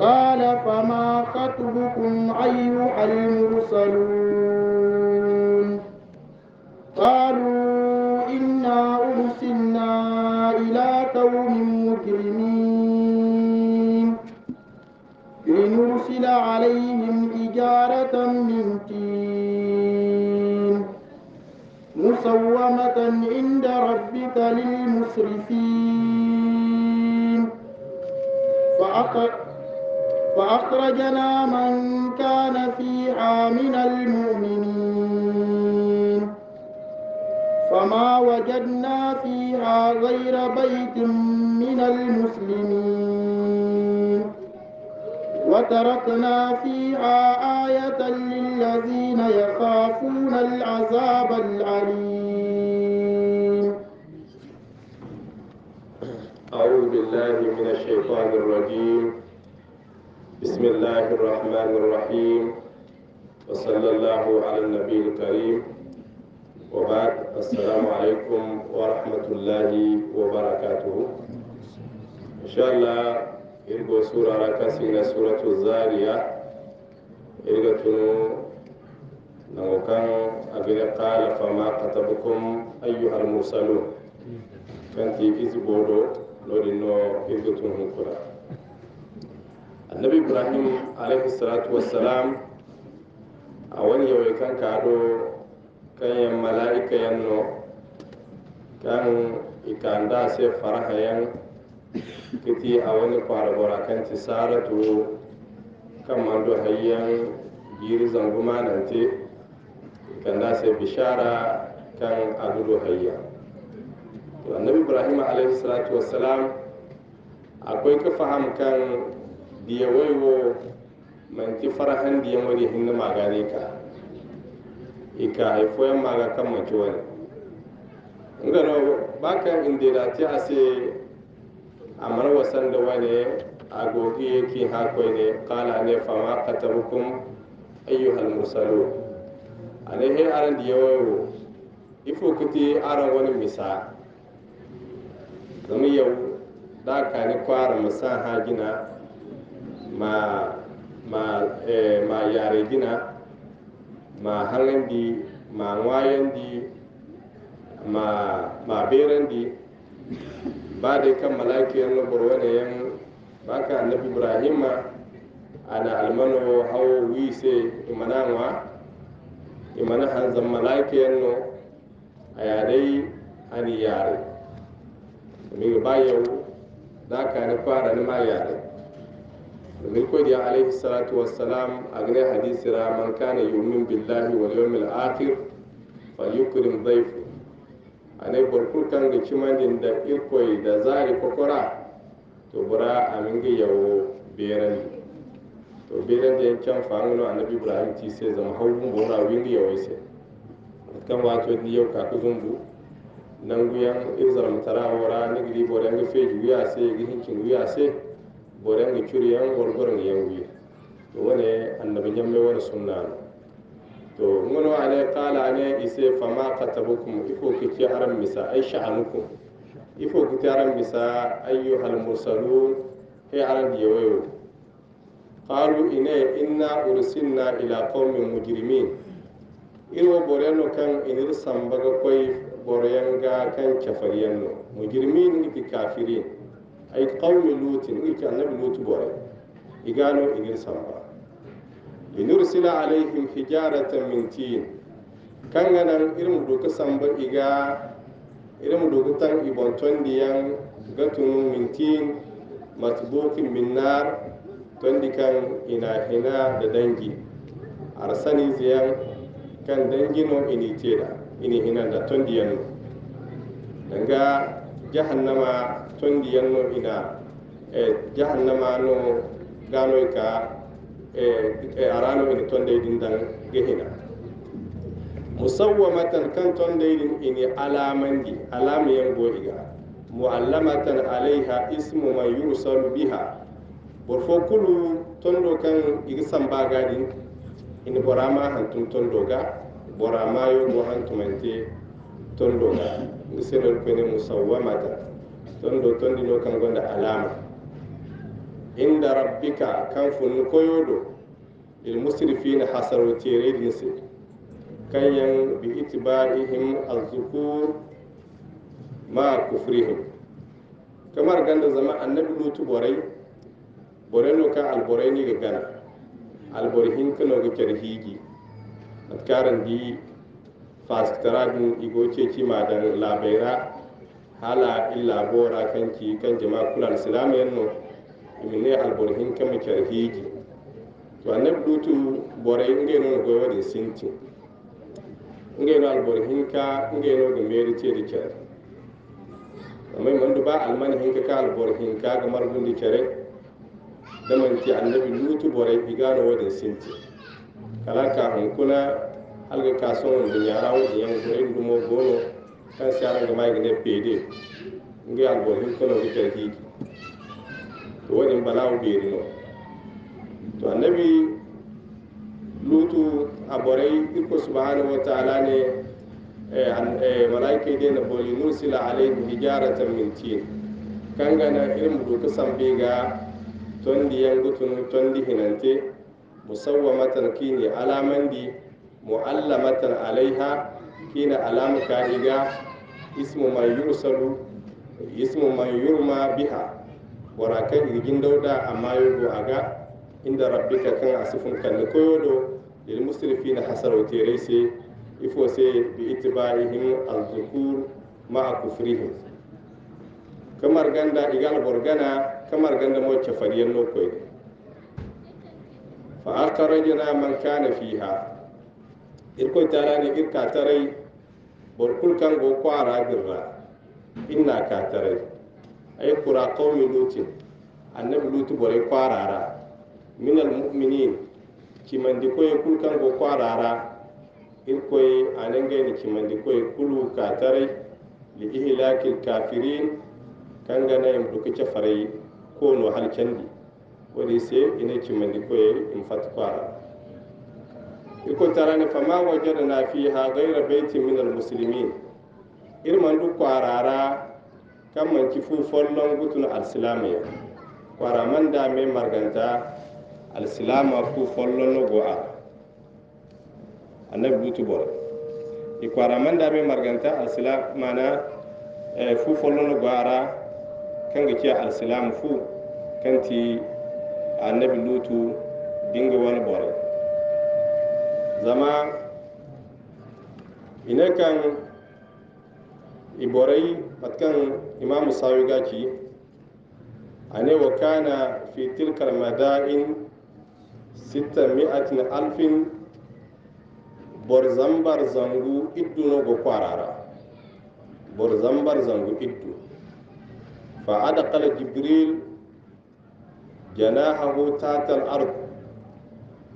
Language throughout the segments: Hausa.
قال فما خطبكم أيها المرسلون قالوا إنا أرسلنا إلى قوم مجرمين لنرسل عليهم حجارة من تين مسومة عند ربك للمسرفين فأخذ فأخرجنا من كان فيها من المؤمنين فما وجدنا فيها غير بيت من المسلمين وتركنا فيها آية للذين يخافون العذاب العليم أعوذ بالله من الشيطان الرجيم بسم الله الرحمن الرحيم وصلى الله على النبي الكريم وبعد السلام عليكم ورحمة الله وبركاته إن شاء الله إرجو سورة ركاسينا سورة الزارية إرجو تنو نوكان أبي قال فما قتبكم أيها المرسلون كنتي كيس بودو لورينو إرجو تنو annabi ibrahim alaihi salatu wassalam a wani yawai kan kado kayan mala'ika yan no kan ikanda sai faraha yan kiti a wani kwarabara kan ci saratu kan mando hayyan giri zanguma nan te ikanda sai bishara kan agudu hayya annabi ibrahim alaihi salatu wassalam akwai ka faham kan diya waiwo manti farahan diya wani hinna magare ka ika haifoyan maga kan manci wani ngano bakan da ti ase amara wasan da wani agogi yake hakoi ne kala ne fama katabukum ayyuhal mursalu alehe aran diya waiwo ifo kuti aran wani misa zama yau da ka ni kwara musa hagina ma ma eh, ma yare dina ma hangandi ma ngwayandi ma ma berandi ba da kan malakiyan na borwane yan baka annabi ibrahima ana almano hawo wise imananwa imana hanzan malakiyan no ayadai ani yare mi ba yau da ka ni fara ni ma yare domin ko diya alaihi salatu wassalam a gare hadisi ra man kana yumin billahi wal yawmil akhir falyukrim dhayfu anai borkul kan ga cimandin da irkoi da zari kokora to bura amin ga yawo to beran da yankan fangulo annabi ibrahim ti sai zama haubun bora wingi yawo sai kan wato ni yau ka ku zumbu nan guyan izar mutara wara ni gidi bora ga feji wiya sai ga hinkin wiya sai borenga yan wol yan yanguye to wone annabi ñamme wona sunnano to ngono ane kala ne ise fama katabukum il faut que ci aram misa ay sha'anukum il faut que ci aram misa ayyuhal mursalun he aran yewoyo qalu ine inna ursilna ila qaumin mujrimin irwo boreno kan inir sambaga koy boroyanga kan cafariyanno mujrimin ti kafirin ay qawmi lutin ngi ci annabi lutu gore igano igin samba linursila alayhim hijaratan min tin kanga nan irin doka samba iga irin doka tan ibon tondiyan gatunu min tin matbukin min nar tondi kan ina hina da dangi arsani ziyan kan dangino ini teda ini hina da tondiyan danga jahannama tondi yanno ina e jahannama no ganoy ka e, e arano ina din dan gehina musawwamatan kan din ini alamandi alam yan go iga muallamatan alaiha ismu man yursalu biha bor fo kulu tondo kan iga sambagaɗin ini borama hantum tondo ga boramayo go tumante tondo ga ngi senol kone musawwamatan don do tondino kan gonda alama inda rabbika kan funnu koyodo il musrifin hasaru teredin kan yan bi itibarihim azzukur ma kufrihim kamar ganda zama annabi lutu borai borai no kan alborai ni ga gana albori kan ga ker higi atkaran di fastradin igoce ci madan labaira hala illa bora kanki kan jama'a kula islam yanno ne alborhin kan mu hiji to annab dutu bore inge no goyo da sinti inge no alborhin ka inge no go meri ce di kere amma man duba almani hinka ka alborhin ka ga margun da kere da man ti annabi lutu bore igano wadi sinti kala ka hun kuna alga kaso wanda yara wanda yan go indumo gono kan siyanar ga mai gane pede ngai algorithm ko lo ke ki to wani balawo be no to annabi lutu abore iko subhanahu wa ta'ala ne eh, eh, malaike dai na boli nursila alaihi hijaratan min tin na irin doka sambe ga di tondi ton di hinante musawwamatan kini alamandi mu'allamatan alaiha hina alamu ka'iga ismu man yursalu ismu man yurma biha wara kan irgin dauda amma yogo aga inda rabbika kan asifun kan koyodo lil musrifina hasaru terese ifo se bi ma'a kamar ganda igal borgana kamar ganda mo cefariyen no koy fa akhrajna man kana fiha irko tarani irka tarai borkul kan go ko ara girra inna ka tare ay qura qawmi luti annabi luti bore ko ara min al mu'minin kimandi koye kul kan go ko ara irkoye anenge ni kimandi koye kulu ka tare li al kafirin kangana fare ko no hal candi wadi se ina kimandi koye in fat ko ara iko tarani fama wajadna fiha gaira baitin min almuslimin irmandu kwarara kan manci fu follon gutun alsilamiya kwara man da me marganta alsilama fu follon no go ara annabi gutu bor i kwara man da me marganta alsilama na fu follon no go ara kan ga ci alsilamu fu kan ti annabi lutu dinga wani bore zama ina kan iborai matkan imamu sawi gaci a ne wa kana fitil kalmada'in mi'atin alfin borzambar zangu iddu na go kwarara borzambar zangu iddu fa'ada kala jibril jana hagu tatal ard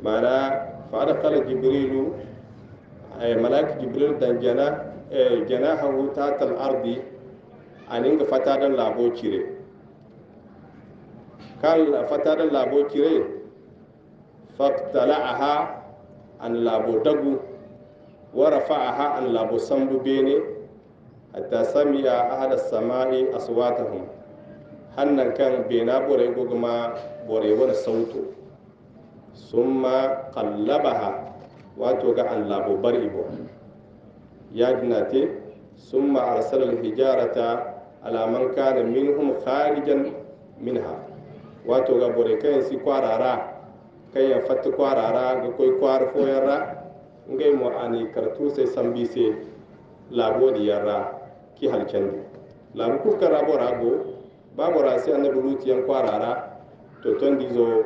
mana fa قال جبريل ملاك جبريل دان jana janahahu tahta al-ardi aninga fatadan labo cire kal fatadan labo cire faqtala'aha an labo dagu wa rafa'aha an labo sambu bene hatta sami'a ahla samai hannan kan bena bore gogma bore wani sautu summa ha wato ga an labo bar ibo ya sun summa arsala hijarata ala man kana minhum kharijan minha wato ga bore kayan si kwarara kayan fatta kwarara ga koi kwar foyarra ngai mu ani kartu sai sai labo diyarra ki ne labu kuka rabo rago babu rasi annabi lutiyan kwarara to ton dizo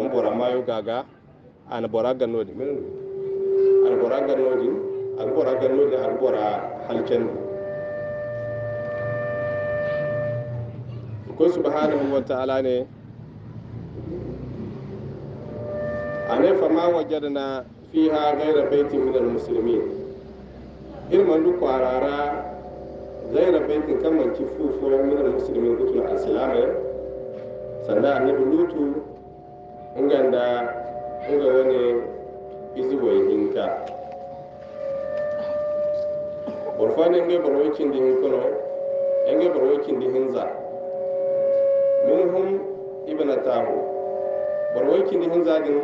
bora mayo gaga an bora ganodi men an bora ganodi an bora ganodi an bora halken ko subhanahu wa ta'ala ne ane fama wajadna fiha ghayra baiti min almuslimin irman du kwarara ghayra baiti kaman ci fufu min almuslimin kutul islamai sannan annabi lutu nganda nga wani izigbo ihe nka borfani nge borwicin di hinkuno nge borwicin di hinza minhum ibn tahu borwicin di hinza din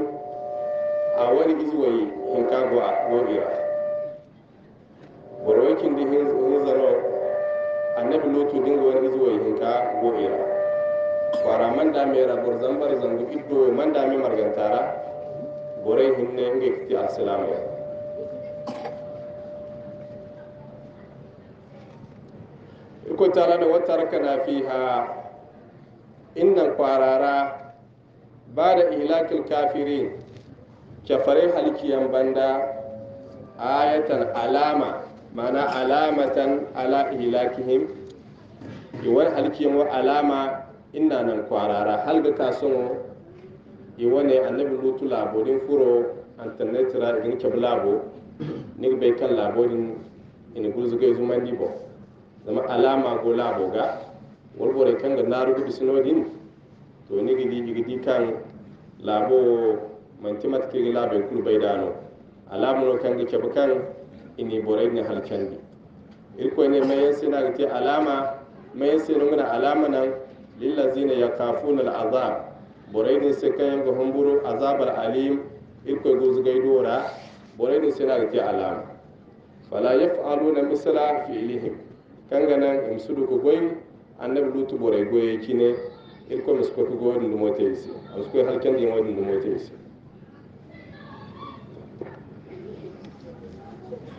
a wani izigbo hinka go a gogira borwicin di hinza no annabi lutu dinga wani izigbo hinka gogira man wara zambar ra borzambari man da mandame margantara borey hinne nge kiti alsilamu Iko tara da wata watarakana fiha innan kwarara ba da ihlakil kafirin kafare 'yan banda ayatan alama mana alamatan ala ihlakihim iwan halikiyan wa alama inna nan kwarara ga ka yi iwane annabi lutu laborin furo antanetira igin keb labo ni bai kan laborin ga gulzuga zumandi bo zama alama go labo ga wolbore kan ga naru gudu sinodin to ga di igidi kan labo mantimat kiri labe kul bai dano alamu no kan ga keb kan ini bore ni halcandi irko ne mayen na ga alama mayen sina muna alama nan lillazina yakafuna al'azab sai kai kayanga homburu azabar alim irkoy guzgaydora boraydin sena gake alama fala yaf'aluna misla fi'lihim kanganan imsudu ko goyi annabi lutu boray goye kine irko wani ko godi mo teysi amsko halkan di wani di mo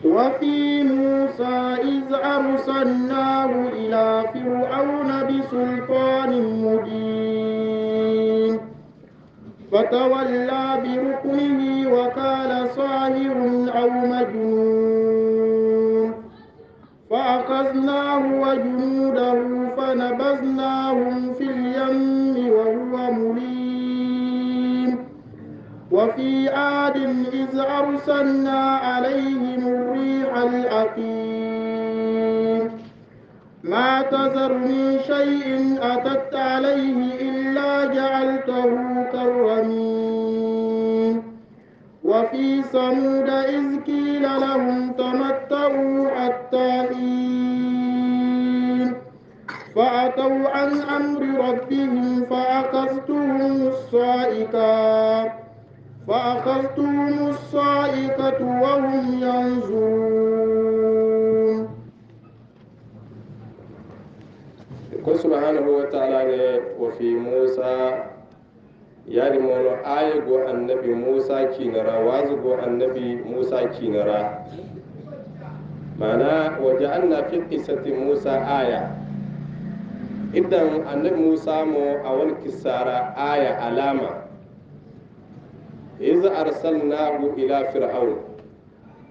وفي موسى إذ أرسلناه إلى فرعون بسلطان مبين فتولى بركنه وقال صاهر أو مجنون فأخذناه وجنوده فنبذناهم في اليم وهو مليم وفي عاد إذ أرسلنا عليهم الربيع العتيق ما تذر من شيء أتت عليه إلا جعلته كالرميم وفي صمود إذ قيل لهم تمتعوا حتى فأتوا عن أمر ربهم فأخذتهم الصائكة فأخذتهم الصائقة وهم ينظرون يقول سبحانه وتعالى وفي موسى yari mono aya go annabi musa kinara wazu go annabi musa kinara mana waje anna fi qissati musa aya idan annabi musa mo awal kisara aya alama iz arsalnahu ila fir'aun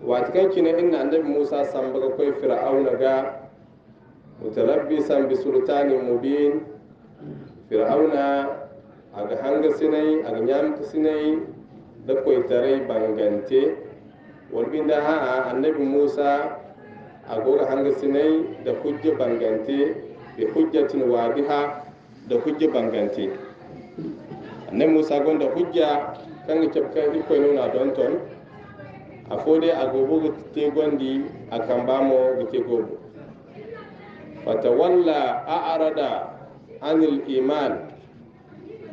watikan kina inna annabi musa sambaga koy fir'aun ga mutalabbisan bi sultanin mubin fir'auna aga hanga sinai aga nyam sinai da koy tare bangante da ha annabi musa agoga hanga sinai da kujje bangante bi hujjatin wadiha da kujje bangante annabi musa gonda hujja kan ce kan iko nuna don ton a fode a gobo te gondi a kan ba ga te gobo fata walla a arada anil iman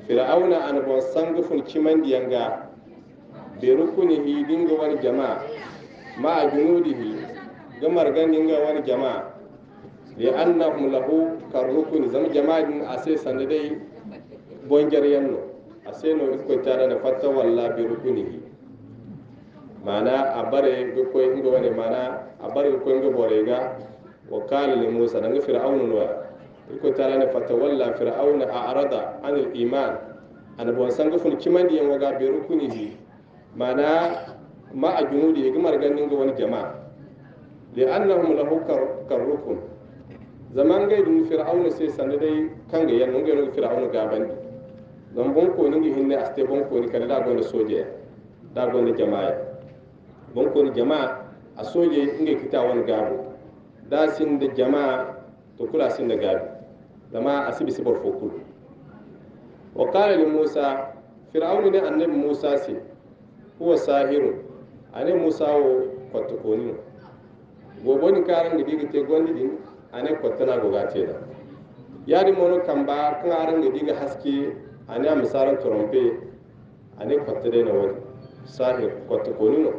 fir'auna an bon sangu fun kiman diyanga rukuni rukunihi dinga wani jama'a ma junudihi gamar dinga wani jama'a li annahum lahu karukun zam jama'a din ase sanadai bon jaryanno sai na seno ikkoytanane fatta walla bi rukunihi mana a bare gikkoy inda wani mana a bare gikkoy nga boreyga wa kala li musa nanga fir'aunu noya ikkoytanane fatta walla fir'auna a arada an l iman ana bon sanga fun cimandiyen waga bi rukunihi mana ma a junudi igi ga wani jama'a jama liannahum lahu karrukum zaman gai fir'aunu sai sanda dai ga yan nga fir'auna gabandi don bonko ni ngi hinne aste bonko ni kada da gonda soje da gonda jama'a bonko ni jama'a a soje ngi kita wani gabu da sin da jama'a to kula sin da gabu dama asibi sibar fokul wa qala li musa fir'aunu ne annabi musa si huwa sahiru ane musa wo kwatta koni boni karan da diga te gondi din ane kwatta na gogate da yadi mono kamba kan aran da diga haske ani a misaran trompe ani kwattide na wani sahi koni no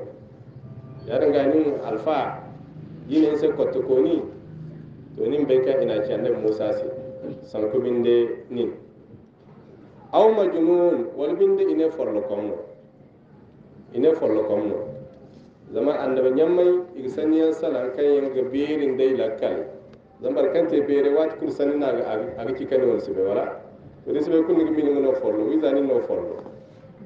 yarin gani alfa ne sai koni to nin bai ka ina ci annabi musa sai sankubin de nin aw majnun wal binde ine forlo komno ine forlo komno zama annabi nyammai igsaniyan salan kan yanga berin dai lakkal zambar kan te bere wat kursani na aga aga kikani wonsi be wala tori sibe kunigi mini ngono follo wisani no follo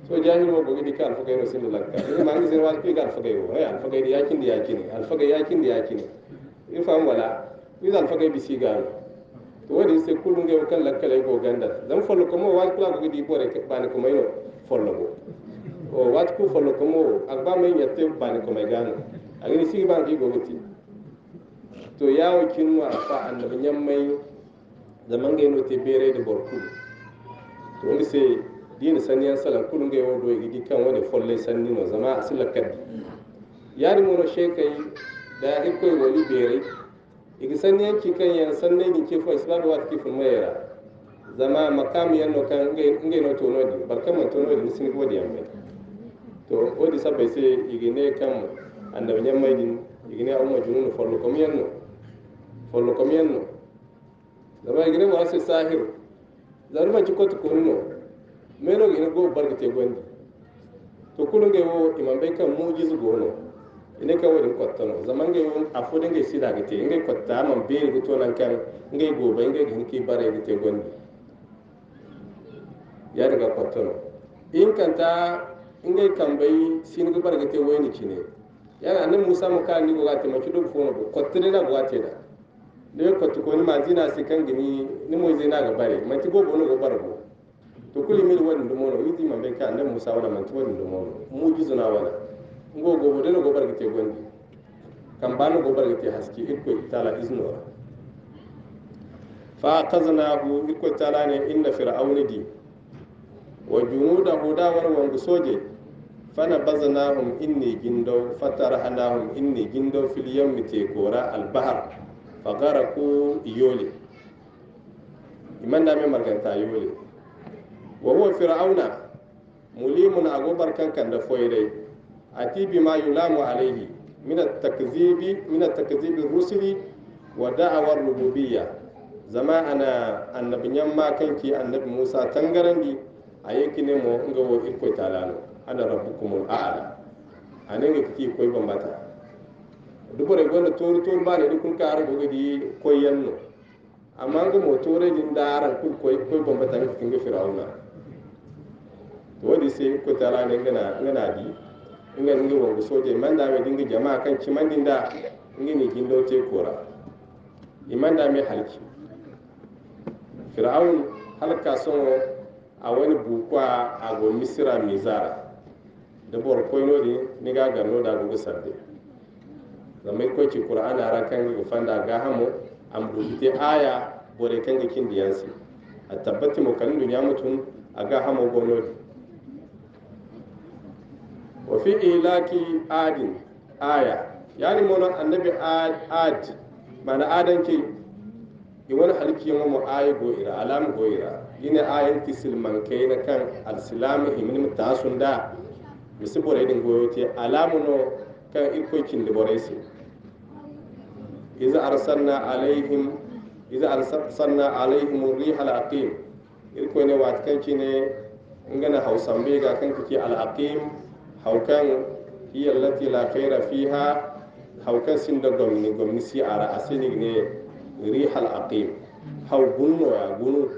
so jahilo bogi di kan fogay eh, no sin oh, lanka ni mangi sin wal pi kan fogay wo al fogay di yakin di yakin al fogay yakin di yakin in fam wala wisan fogay bisi garo to wadi se kulunge o kan lakkale go ganda dan follo ko mo wal kula bogi di bore ke bani ko mayno follo go o wat ku follo ko mo agba may nyate bani ko may gano agni sigi bangi go goti to yawo kinwa fa annabi nyammay zaman gaino te bere da borkulu to woni se dina sanniyan salam kulunge o doy gidi kan woni folle sannino zama asila kaddi yaani mono shekay da hikkoy woli bere igi saniyan ki kan yan sanne ni ke fo islamu wat ki fun mayera zama makam yan no kan nge nge no to nodi barkam man to nodi ni sini wodi yambe to wodi sabai se igi ne kam annabi mai din igi ne amma jununu follo kom yanno follo kom yanno zama igi ne wasi sahiru zaruma ci kotu kununo meno gina go barga te gondi to kulunge wo imambe kan mujizu gono ine ka wodin kottano zamange won afu dinge sida gite inge kotta man beri guto nan kan inge gobe inge ginki bare gite gondi ya daga kottano in kanta inge kambai sinu barga te woyni cine yana annabi musa mu kan ni go gate ma ci do fono go kottine na go gate da ne ko ko ni zina si kan gini ni mo zina ga bare man ti go bono go barbo to kuli mi wani do mono yiti ma be ka da musa wala man ti wani do mono mu ji na wala ngo go bodo no go barga te gondi kan no go barga te haski ikko itala izno fa qaznahu ikko itala ne inna fir'auni di wa junudahu da war wangu soje fana hum inni gindo fatarhanahum inni gindo fil yammi te kora al bahr fagara ko iyole iman da mai marganta yole wa huwa fir'auna mulimun agobar kankan da foyrai ati bima yulamu alaihi min at-takzibi min at-takzibi rusuli wa da'awar rububiyya zama ana annabinyan ma kanki annabi Musa tangarandi a yakine mo nga wo talano ana rabbukumul a'la anen ga koy bambata da bore gona ba ne dukun ka har gogo di koyan nan amma ga motore din da aran kun koyi koyi bomba tan kin ga firawuna to wadi sai ko tara ne ngana ngana di inga ngi wongo soje man da mai dinga jama'a kan ci man din da ngi ne gindo te kora iman da mai halki firawun halka son a wani bukwa a go misira mizara da bor koyno di ni ga gano da gugu sarde zama ko ci qur'ana ra kan ga fanda ga hamo am dubite aya bore kan ga kin diyansi a tabbati mu kan dunya mutun a ga hamo gonodi wa fi ilaki adin aya yani mono annabi ad ad mana adan ke i wani halki mo mo ayi go ira alam go ira ina ayin tisil man kai na kan alsilami mutasun da misibore din goyote alamu no kan irkokin da boraisi su iza arsalna alaihim iza arsalna alaihim rihal aqim il ne wat kan hausan be ga kan ci haukan iyal lati fiha haukan sin da gomni gomni si ne rihal aqim haw gunu gunu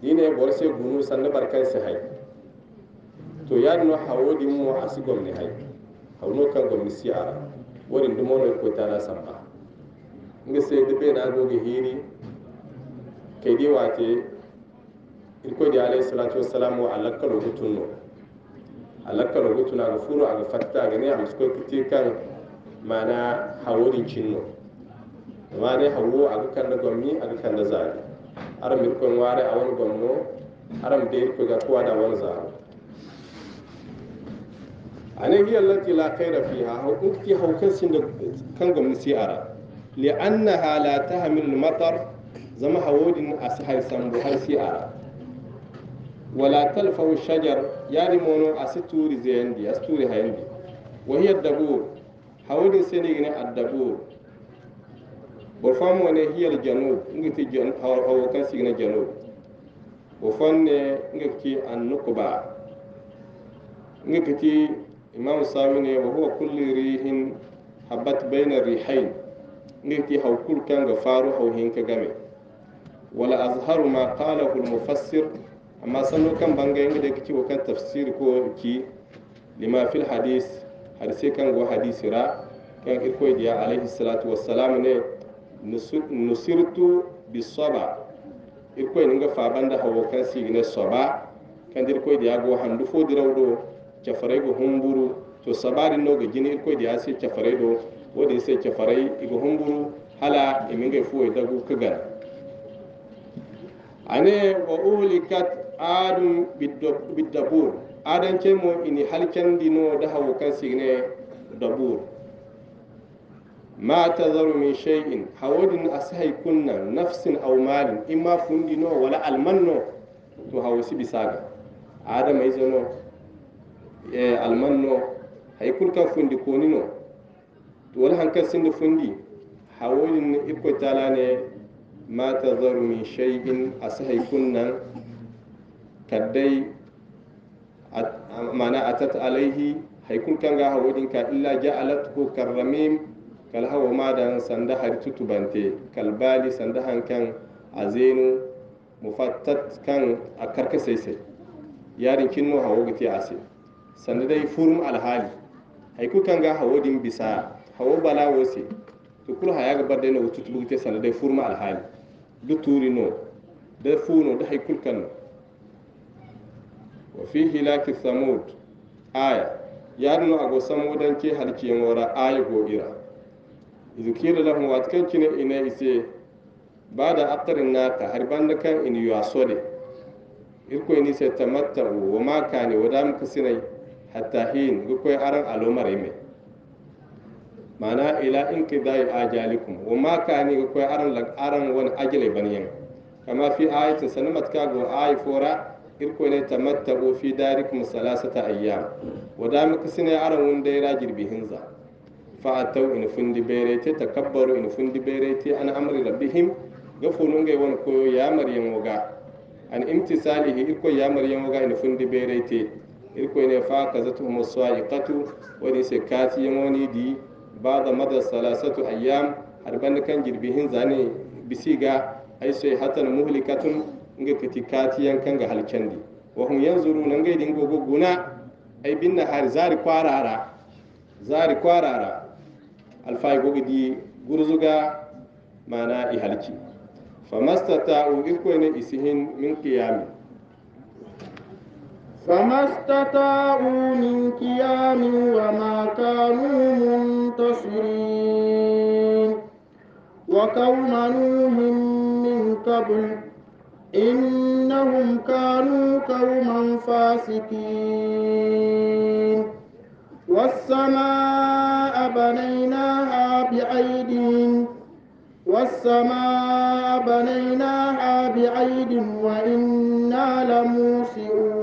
dine borse gunu san ne barkan to ya no hawodi mu asigo ne hay hawno kan gomni si ara wodi dumono ko tara sabba nga hiri ke di wate il ko di alayhi salatu wassalamu ala kalu kalogu ala kalu gutuna tuna furu aga fatta ga ne ama sikoy kitir kan mana haworin cinno mane hawo aga kanda gommi aga kanda zari aram irkoy a awon gommo aram de ko ga kuwaɗa won zaaro ane hiya allati la kayra fiha hawkti haw kan da kan gomni si ara لأنها لا تهمل المطر زما هودين أسحاي سامبو هاي سيارة ولا تلفه الشجر يعني مونو أستوري زي عندي أستوري هاي عندي وهي الدبور هودين سنيني الدبور وفهم هي الجنوب نجتي جن أو أو كان سيجنا جنوب وفن نجتي النقبة نجتي إمام السامي وهو كل ريح حبت بين الريحين ngati hawkur kan ga faru haw hinka game wala azharu ma qalahu almufassir amma sanu kan banga inga da kici kan tafsir ko ki lima fil hadis hadisi kan go hadisira kan irko diya alayhi salatu wassalam ne nusirtu bisaba irko inga fa banda hawo kan sigine soba kan irko da go handu fo dirawdo cafarai go humburu to sabari no ga jini irko diya sai cafarai do wadda ya sai farai iga hunguru hala ga iminga fuwe dagu a ne wa ulikat adun bidabur adan ce mo ini halken dino da hawo kan signe dabur ma shaikin. min shay'in a asai kunna nafsin aw malin imma fundino wala almanno to hawasi bisaga adama izano e eh, almanno hay kulkan fundi konino دول هنك سند فندي حاول إن إبقي تلاني ما تظهر من شيء إن أصحي كنا كدي معنى أتت عليه هيكون كان جاه ودين كإلا جعلته كرميم كلها وما دان سندها هرتو بنتي كالبالي سندها كان عزينو مفتت كان أكرك سيسة يارين كنو هوجتي عسي سندها يفرم على حالي هيكون كان جاه ودين بساعة hawo bala wose to kula ha yaga barde no wutu tubu te furma al duk turi no da funo da hay kul wa fi hilaki samud aya yadu no ago samudan ke halki ngora ayi go ira izkira lahum wat kan kine ina ise bada aqtarin naka har banda kan in yasode irko ni se tamatta wa ma kane wadam kasinai hatta hin ko aran alomar mai mana ila in ki dai ajalikum wa ma kani ko aran lag aran wani ajale baniyan kama fi ayatin sanamat ka go ay fora irko ne go fi darikum salasata ayyam wa da muka sine aran wun dai rajir za fa ataw in fundi berete takabbaru in fundi berete an amri rabbihim gafunun ga wani ko ya maryam waga an imtisalihi irko ya maryam waga in fundi berete irko ne fa kazatu musaiqatu wani sai kati yan wani di ba da madar salasatu ayyam harban kan girbihin zane bisi ai sai hatan muhlikatun nga katikatiyan yankan ga halkendi wa hum yanzuruna ngai dingo goguna ai binna har zari kwarara zari kwarara alfai gogo di guruzuga mana i halki famastata'u ikoyne isihin min qiyami فما استطاعوا من قيام وما كانوا منتصرين منتصرين وقوم نوح من قبل إنهم كانوا قوما فاسقين والسماء بنيناها بعيد والسماء بنيناها بأيد وإنا لموسئون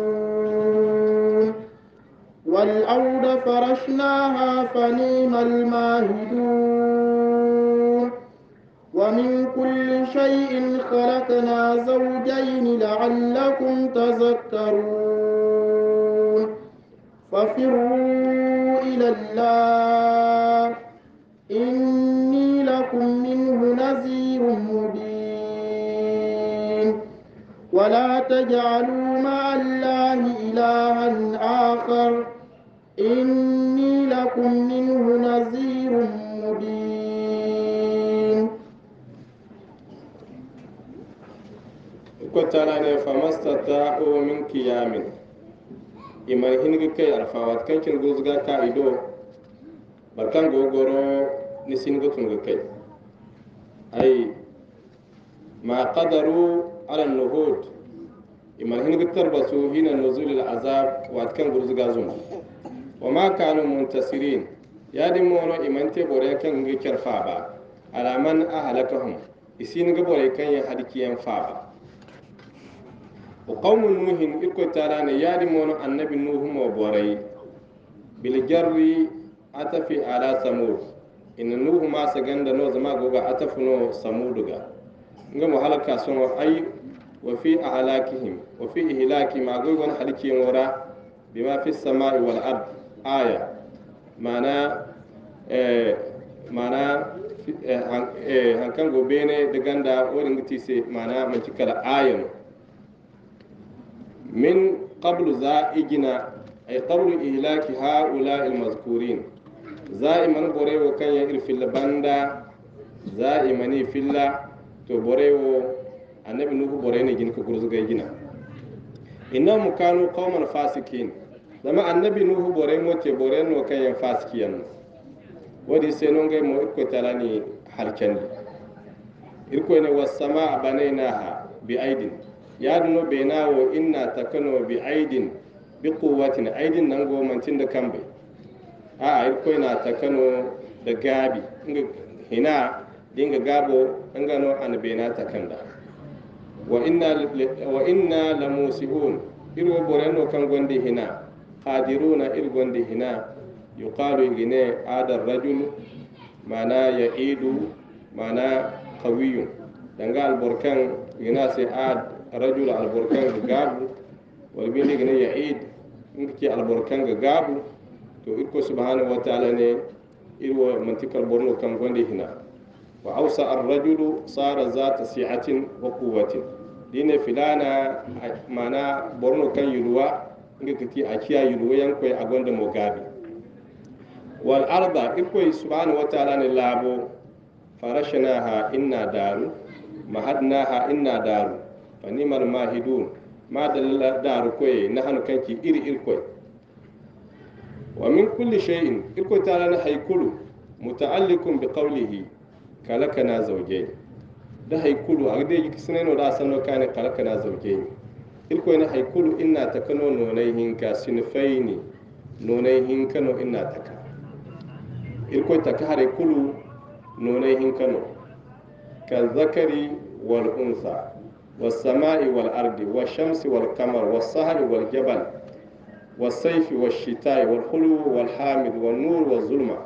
والأرض فرشناها فنيم الماهدون ومن كل شيء خلقنا زوجين لعلكم تذكرون ففروا إلى الله إني لكم منه نذير مبين ولا تجعلوا مع الله إلها آخر إني لكم منه نذير مبين كتانا فما استطاعوا من قيام إما هنك كي أرفاوات كان كنغوزغا كايدو بركان غوغورو نسينغو كنغكي أي ما قدروا على النهوض إما هنك تربسوا هنا نزول العذاب واتكن غوزغا زمر wa ma kanu muntasirin yadi mono imante bore kan ga kerfa ba alaman ahlakahum isin ga bore kan ya hadkiyan fa ba wa qaumun nuhin irko tala ne yadi mono annabi nuhu mo bore bil jarri atafi ala samud inna nuhu ma saganda no zama goga atafuno samuduga nga mo halaka sono ay wa fi ahlakihim wa fi ihlaki ma gogon halkiyan wara bima fi samai wal ard aya mana eh, mana eh, eh, gobe ne da ganda wurin gati sai mana manci da ayan min qablu za'igina ay qablu ihlaki haula almazkurin za'iman borewo kan ya irfil banda za'imani filla to borewo annabi nuhu borene gin ka gurzuga gina inna mukanu qauman fasikin zama annabi nuhu bore mote bore no kan yan faskiyan wadi sai non ga mo irko talani halkandi irko ne wasama banainaha bi aidin ya duno nawo inna takano bi aidin bi quwwatin aidin nan go mantin da kambe a irko na takano da gabi inga hina dinga gabo gano an bena takanda wa inna wa inna lamusihun irwo bore no kan gonde hina hadiruna irgonde hina yuqalu ingine ada rajulu mana yaidu mana qawiyu danga alborkan ina sai ad rajul alborkan gabu wal bindi gine yaid inki alborkan gabu to irko subhanahu wa ta'ala ne irwo mantikal borno kan gonde hina wa awsa ar-rajulu sara zata si'atin wa quwwatin dine filana mana borno kan yulwa nga kati a kiya yulu yan koy agonda mo gabi wal arda ikoy subhanahu wa ta'ala ne labo farashnaha inna daru mahadnaha inna daru fanimal mahidun ma dalla daru koy hanu kanki iri irkoy wa min kulli shay'in irkoy ta'ala na haykulu muta'alliqun bi qawlihi kalakana zawjayn da haykulu agde yikisneno da sanno kane kalakana zawjayn irkoyna haykulu inna takano no noonay hinka sinifayni noonay hinkano inna taka irkoy taka haray kulu noonay hinkano wal jabal والسماء sayfi والشمس shitai wal والجبل wal hamid wal nur wal zulma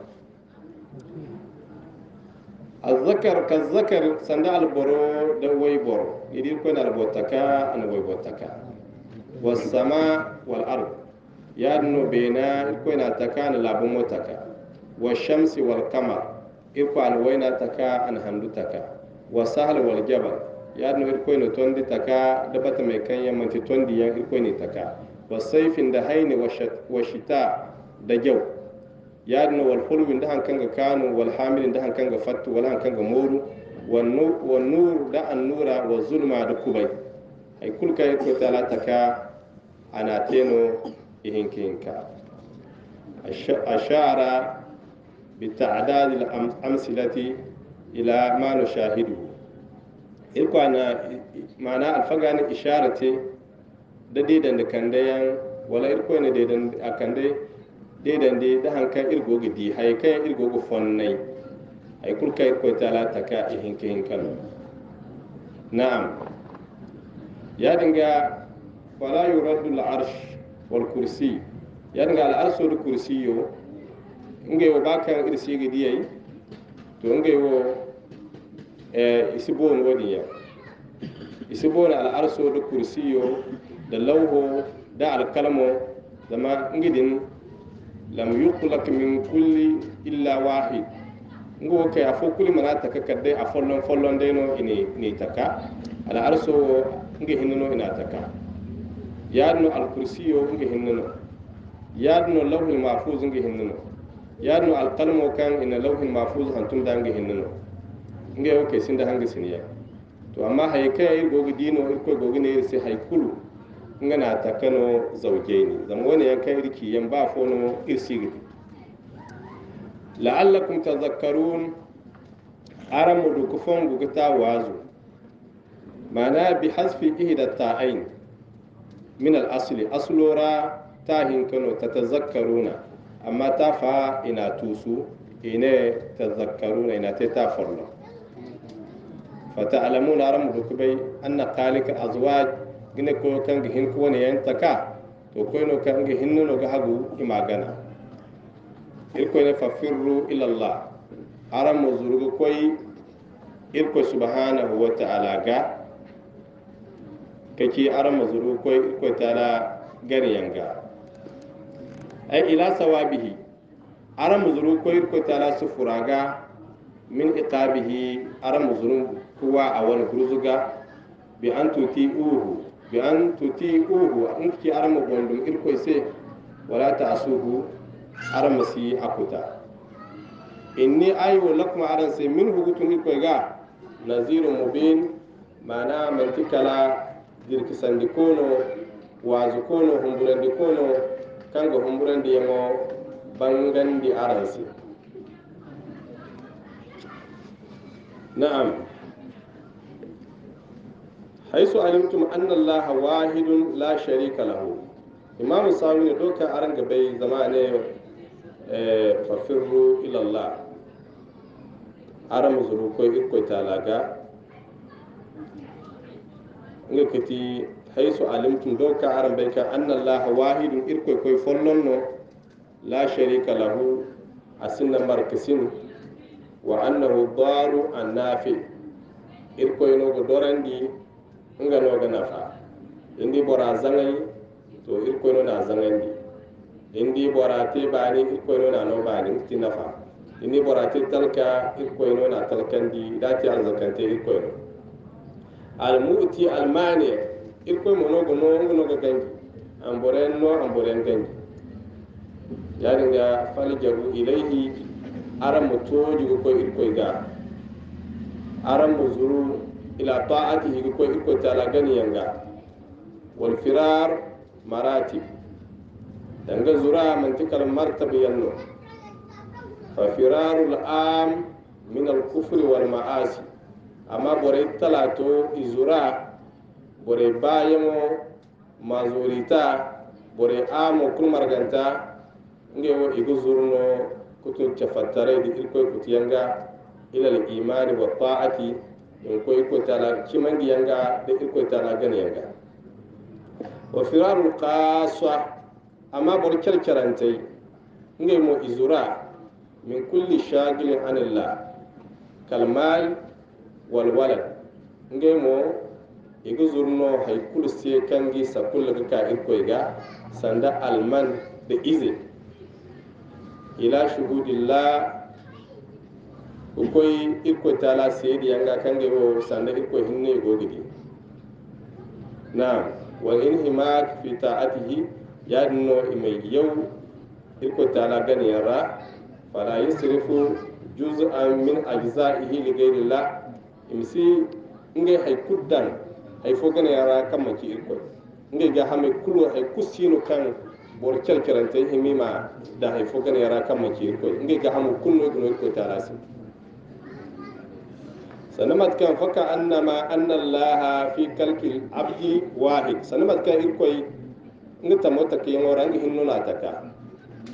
الذكر كالذكر صندع البرو دوي برو idi ko nar bottaka an goy bottaka was sama wal ard yadno bena ko na takan labu motaka was shamsi wal qamar iko al wayna taka an handu taka was sahl wal jabal yadno ir ko na tondi taka da bata mai kan yammanti tondi ya ko ni taka was sayfin da haini wa shita da ya yadno wal hulwin da hankanga kanu wal hamilin da hankanga fattu wal hankanga moru wa nur da an nura wa zulma da kubai ay kulka yako tala lataka ana teno ihinka a ashara bita'dad al-amsilati ila ma shahidu ilko na mana alfagani isharati da dedan da kandayan wala irko ne dedan a kandai dedan da hankan irgo gidi haikan irgo fonnai ay kul ay ko tala taka e hinke kan na'am ya dinga fala yuraddu al arsh wal kursi ya dinga al arsh wal kursi yo nge wo baka irsi ga diyai to nge wo e eh, isibon wodi ya isibon al arsh wal kursi yo da lawho da al kalmo zama ngidin lam yuqlak min kulli illa wahid ngo ke a fokuli kuli mana taka kadde a follon follon de no ini ni taka ala arso nge hinno ina taka yadno al kursi yo nge hinno yadno lawhul mahfuz nge hinno yadno al qalmo kan ina lawhul mahfuz han da nge hinno nge o ke sinda hange siniya to amma hay ke gogi dino ir ko gogi ne sai hay na ngana takano zawjeni zamone yan kai irki yan ba fono irsigiti la'allakum tadhakkarun aramu dukufon gugata wazu mana bi hasfi ihda ta'ain min al-asli aslora ta hinkano tatazakkaruna amma ta fa ina tusu ina tadhakkaruna ina ta ta farla fata'lamuna aramu dukubai anna qalika azwaj gine ko kan gihin ko ne yantaka to ko no kan gihin no ga hagu imagana irko na fafirru ilallah aran mu zurgo koy irko subhanahu wa ta'ala ga kake aran mu zurgo koy irko ta'ala gariyanga ay ila sawabihi aran mu zurgo koy irko ta'ala sufuraga min iqabihi aran mu zurgo kuwa a wani gurzuga bi an tuti uhu bi an tuti uhu an ki aran mu gondum irko sai wala asuhu aran masi akuta inni ayo lakum aran sai min hugutun iko ga nazirun mubin mana mantikala dirkisandi kono wazu kono humburandi kono kanga humburandi yamo bangandi aransi na'am haisu alimtum anna allaha wahidun la sharika lahu imamu sami ne doka aran bai zama ne fafirru ilallah aram zuru koy ikkoy talaga nga kati haysu alimtum do ka aram bay ka anna allah wahidun irkoy koy no la sharika lahu asinna markasin wa annahu daru annafi irkoy go dorandi nga ga nafa indi bora zangay to irko no na zangandi indi bora te bani ikoyno na no bani ti nafa indi bora te talka ikoyno na talkandi dati arzakante ikoyno almuti almani ikoy mono gono ngono ga gangi amboren no amboren gangi fali falijabu ilayhi aramu tojugo koy ikoy ga aramu zuru ila ta'ati koy ikoy tala ganiyanga walfirar maratib danga zura mantikal martabi yanno fa firarul am min al kufri wal ma'asi amma bore talato izura bore bayamo mazurita bore amo kulmarganta ngewo igu zurno kutun cafattaraydi irkoy kutiyanga ilal imani wa ta'ati in koy kotala kimangiyanga da irkoy tala ganiyanga wa firarul qasa amma bor inda yi mo izura min kulli shagilin anillah walwalar inda yi mo iga zurno hay kulu kan kangi sa kulla ga ka irkoyga sanda alman da izi ila shuhudillah ukoi irko tala sedi yanga kange wo sanda irko hinne gogidi na wa in himak fi ta'atihi Ya yaadino imay yow irko taala ganiyara fala yusrifu a min ajza'ihi li ghayrillah imsi nge hay haifo hay fo ganiyara kamma ci irko nge ga hame kulo haiku sinu kan bor kelkerante himima da hay fo ganiyara kamma ci irko nge ga hame kunno gano iko tala su sanamat kan faka annama anna allaha fi kalkil abdi wahid sanamat kan irkoy Ni tamo ke yongora nga hinno na ka, to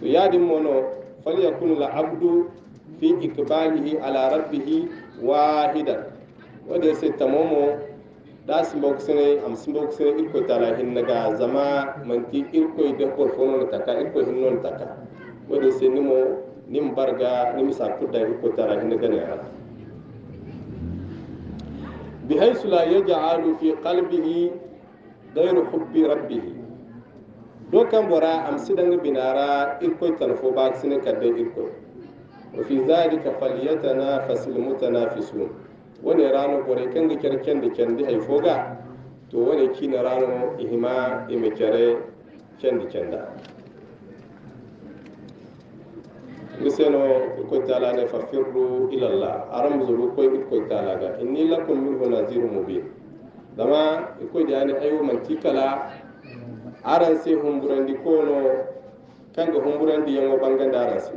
yadin mono kunu la abdu fi ikbalihi ala rabbihi wahidan wanda sai tamo mo da simbok sene am simbok sene irko tala hinna ga zama manti irko da porfono ta ka irko hinno ka taka wanda sai nimo nim barga nim sa kudda irko tala hinna ga ne bihaysu la yaj'alu fi qalbihi غير hubbi rabbihi dokan bora am sidan binara irkoy talfo fo ba sine kadde irkoy wa fi zalika fasil mutanafisun wani rano bore kanga kere da kende da foga to wani kina rano ihima ime kere kende kenda miseno koy talaga fa firru ila allah aram zuru koy tala ga inni lakum minhu nazirun mubin dama koy jani ayo man tikala aran se humburandi kono kanga humburandi yango banganda aran se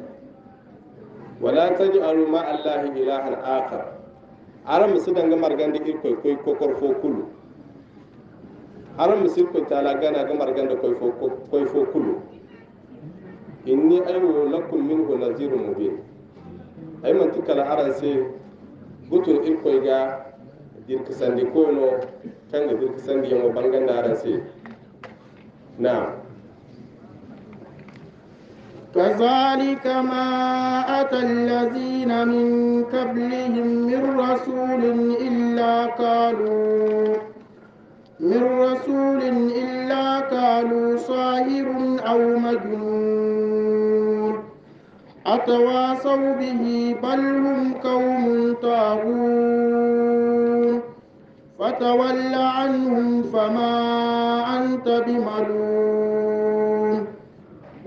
wala taj'alu ma allahi ilahan akhar aran margan margandi irkoy koy kokor fo kulu aran misir koy tala gana ga margan koy koi koy fo kulu inni aywo lakum minhu nadhirun mubin ay man tukala aran se gutur irkoy ga dirkisandi kono kanga dirkisandi yango banganda aran se نعم كذلك ما أتى الذين من قبلهم من رسول إلا قالوا من رسول إلا قالوا صاهر أو مجنون أتواصوا به بل هم قوم طاغون فتول عنهم فما أنت بملوم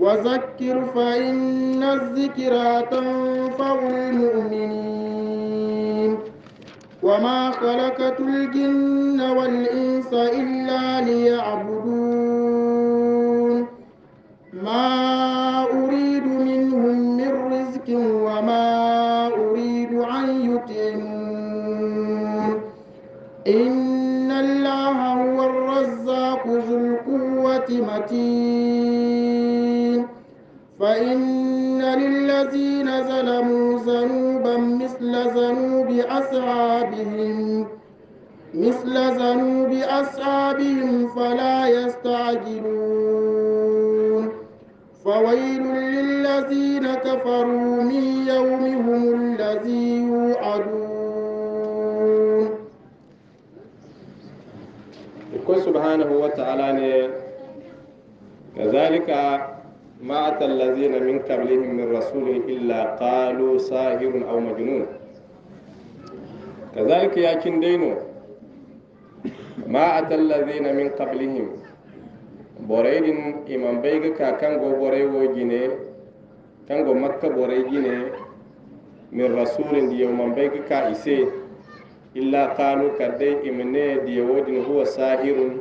وذكر فإن الذكرى تنفع المؤمنين وما خلقت الجن والإنس إلا ليعبدون ما أريد منهم من رزق وما إن الله هو الرزاق ذو القوة متين فإن للذين ظلموا ذنوبا مثل ذنوب أصحابهم مثل ذنوب أصحابهم فلا يستعجلون فويل للذين كفروا من يومهم الذي يوعدون ko subhanahu wa ta'ala ne kazalika ma ata allazina min qablihim min rasulin illa qalu sahirun aw majnun kazalika yakin daino ma ata allazina min qablihim boreyɗin iman beyga ka kango borey wo jine kango makka borey jine min rasulin ndi yewman beyga ka ise illa kanu kadde imine diye wodin huwa sahirun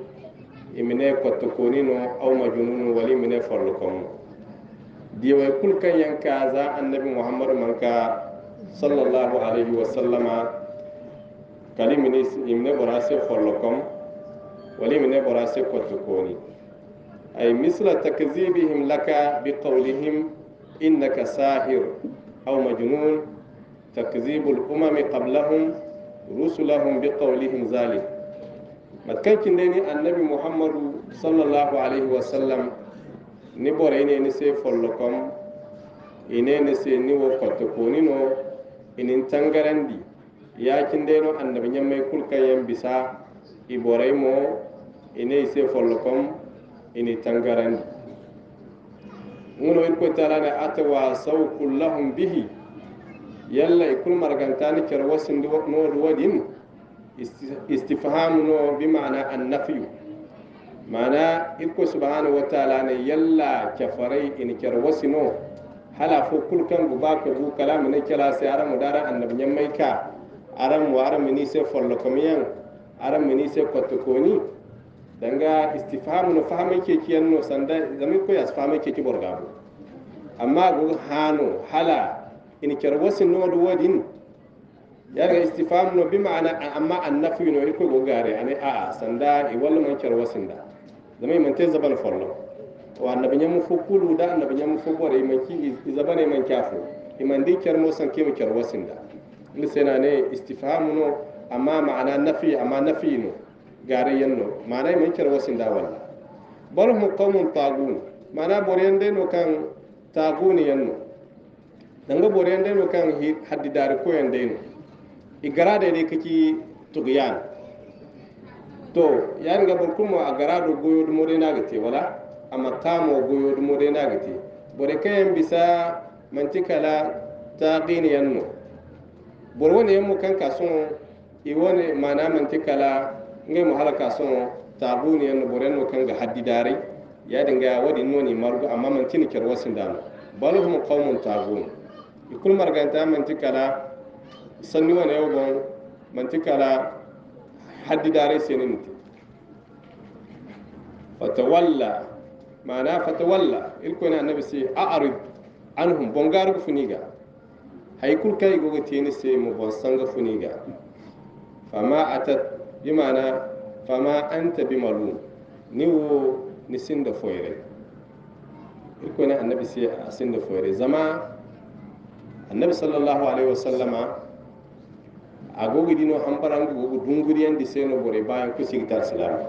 imine kottokonino aw majununu wali imine forlo komu diye way kul kan yanka za annabi muhammadu manka sallallahu alayhi wa sallama kali mini imine borase forlo kom wali imine borase kottokoni ay misla takzibihim laka biqawlihim innaka sahir aw majnun takzibu al umami qablahum rusulahum bi qawlihim zalik matkankin ne ni annabi muhammadu sallallahu alaihi sallam ni bore ine ni se follokom ine ni se ni wo kotte konino inin tangarandi yakin de no annabi nyamme kulka yam bisa i bore mo ine se follokom ini tangarandi ngono en ko tarana atawa saw lahum bihi yalla e kulmargantani kera n'o nooru waɗin istifhamu no bi ma'ana an nafi mana ikko subhanahu wa taala ne yalla cafarai in kera wasino hala fo kulkangu baka bu kalamu ne kela se aramu dara annabi ñammay ka aramu aramu ni sai follo komiyan aramu ni se kotto koni danga istifhamu no ke kiyanno sanda ya koyas ke ki borgabu amma go hano hala in kerwasi nodu wadin yarga istifam no bima'ana amma annafi no iko gogare ane a a sanda e wallo man kerwasin da zama man te zaban follo wa annabi nyam fu kulu da annabi nyam fu bore man ki zabane man kafu iman di kermo san ke kerwasin da ni sena ne istifam no amma ma'ana nafi amma nafi no gare yanno ma'ana man kerwasin da walla bal hum qawmun tagun ma'ana bore yande no kan taguni yanno danga bore yan deno kan haddi dare ko yan deno igara da ne kake tugyan to yan ga bon kuma gara do goyo do mode na gate wala amma mo goyo do mode na gate bore kayan bisa la ta yan yanno bore wani yan mu kan kasun i wani mana la ngai mu halaka sun buni yan bore no kan ga haddi dare ya dinga wadin noni margo amma mantini kerwasin dano bal mu qaumun tabun ikul marganta manti kala sanni wane yau bon manti kala haddi dare seninti fatawalla mana fatawalla ilkona annabi sai a'rid anhum bon garu funiga haikul kai gogo tini sai mu bon sanga funiga fama atat bimana fama anta bimalum ni wo ni sinda foyre ilkona annabi sai a sinda foyre zama annabi sallllahu alayhi wa sallama agogo ɗino hamparangu gogo dunguriyandi seno bore bayan ko sigitar silama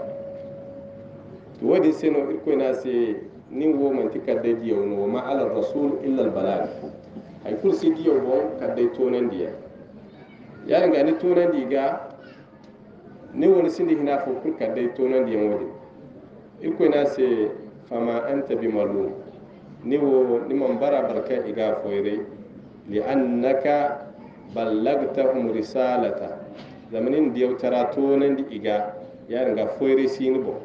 to woodi seno irkoyna se nin womanti kadday diyaw no woma ala rasul illa albalag hay kursi diyaw bon kadday tonandiya ga ni ga ni woni sindi hina fo pour kadday tonandiyan wodi irkoyna se fama anta bimalum ni wo ni man bara barka iga foyre li'annaka ballagtahum risalata zamanin diyaw tara tonan di iga ya fere foyre sini bo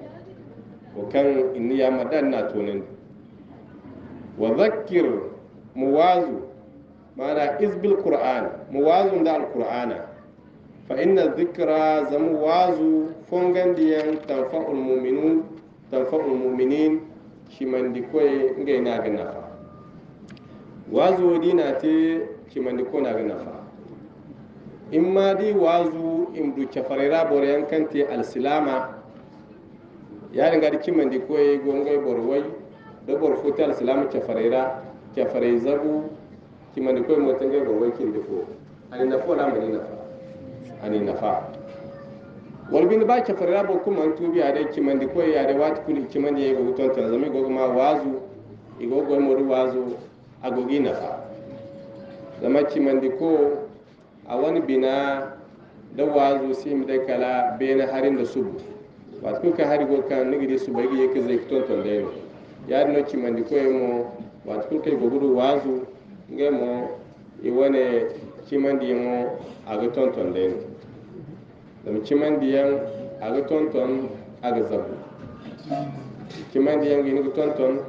o kan inni ya madan na tonan di wa zakkir muwazu mana izbil qur'an muwazu da alqur'ana fa inna dhikra zamu wazu diyan tanfa'ul mu'minun tanfa'ul mu'minin shimandi koye ngai na ganna. wazo di na te kimandi ko na nafa in ma di wazu in du cafarira bore yan kante alsilama ya dinga di kimandi koy gongai wai da bor futa alsilama cafarira cafarai zabu kimandi koy motan ga borwai kin ko ani nafa la mani nafa ani nafa walbin ba cafarira bor kuma an tubi ya dai kimandi ko ya dai wati kuli kimandi ya go ton tan zami go ma wazu igogo wazu agogi nafa zama cimandi ko a wani bina da wazo sai mu dai kala bena harin da subu ba ka hari go kan nigiri su bai yake zai fito ton da yau ya no cimandi ko mo ba su ka gudu wazo ngai mo i wane cimandi mo a ga ton ton da yau zama cimandi yan a ga ton ton a ga zabu cimandi yan ga ni ton ton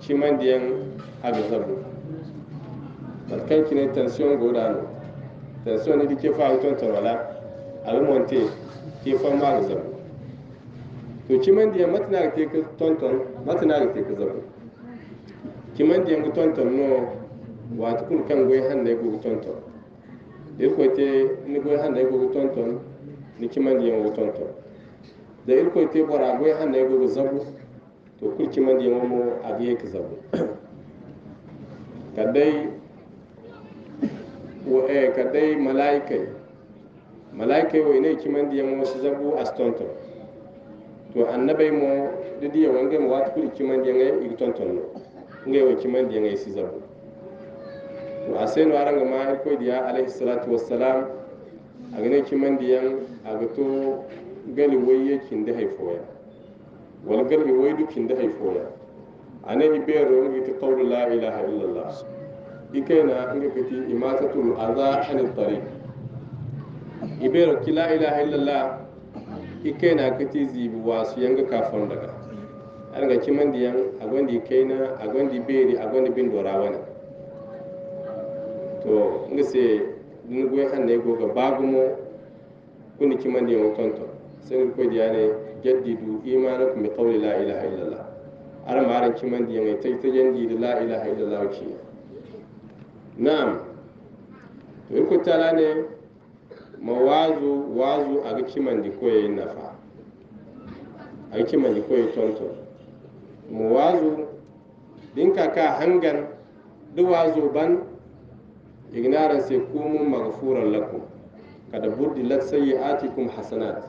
cimandi yan haɓe sabdu bal kaŋ cine tension go no tension idi ke fa ton toro la aɓe monte ke ma maaga sabdu to cimandiya matna ke ka tonton ke te ka man cimandiya ga tonton no waati kulu kaŋ goy hannay ku tonton irkoy te ni goy hannay goga tonton ni cimandiya go tonton da irkoy te bora goy hannay goga zabu to kurki cimandiya mo mo aga ye ka zabu. kadai wa eh kadai malaikai malaikai wa ne kiman diya mo su zabu astonto to annabai mo da diya wange mu wata kuli kiman diya ngai igtonton no ngai wa kiman diya ngai su zabu to asenu aranga ma har ko diya alaihi salatu wassalam agane kiman diya a gato waye kin da haifoya wal gali waye dukin da haifoya ane ibero ngi ti qawlu la ilaha illallah ikena ngi kiti imatatul adha an tariq ibero ki la ilaha illallah ikena kiti zibu wasu yanga kafon daga arga kiman diyan agondi kaina agondi beri agondi bin dorawana to ngi se ngwe hanne go ga bagumo kuni kiman diyan tonto sai ko diyane jaddidu imanakum bi qawli la ilaha illallah ara maran kiman di mai tai ta yandi da la ilaha illallah ki na'am to in ku tala ne mawazu wazu a ga kiman di koyi nafa a kiman di koyi tonto mawazu din ka ka hangan wazu ban ignaran sai kumun maghfuran lakum kada burdilat sayyi'atikum hasanat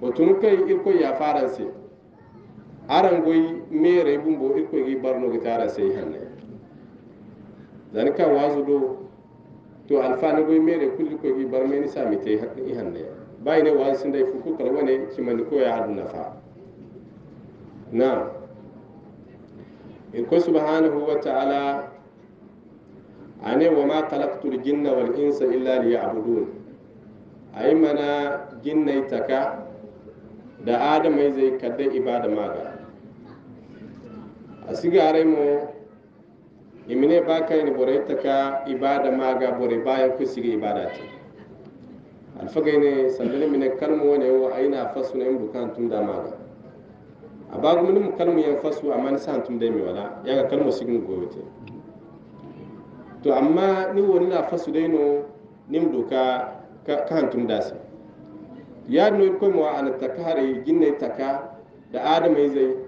wato kai irko ya faranse aran goyi mere bo irko gi barno tara sai hanne dan kan wazu do to alfani bo mere kulli ko gi ni sami te hakki hanne bai ne wazu sindai fuku kala wane man ko ya hadu nafa in ko subhanahu wa ta'ala ane wa ma al jinna wal insa illa liya'budun ay mana jinna itaka da adamai zai kadda ibada maga asigare mo imine ba kayni boro ka ibada maga bore bayan ku sigi ibada te ne sandene mine kalmu yi na fasu na in bukan tunda maga abagu mu kalmu yan fasu amani santum de mi wala ga kalmu sigin goyote to amma ni wani na fasu dai no nim duka ka da dasi ya no ko mo an takare ginne taka da adamai zai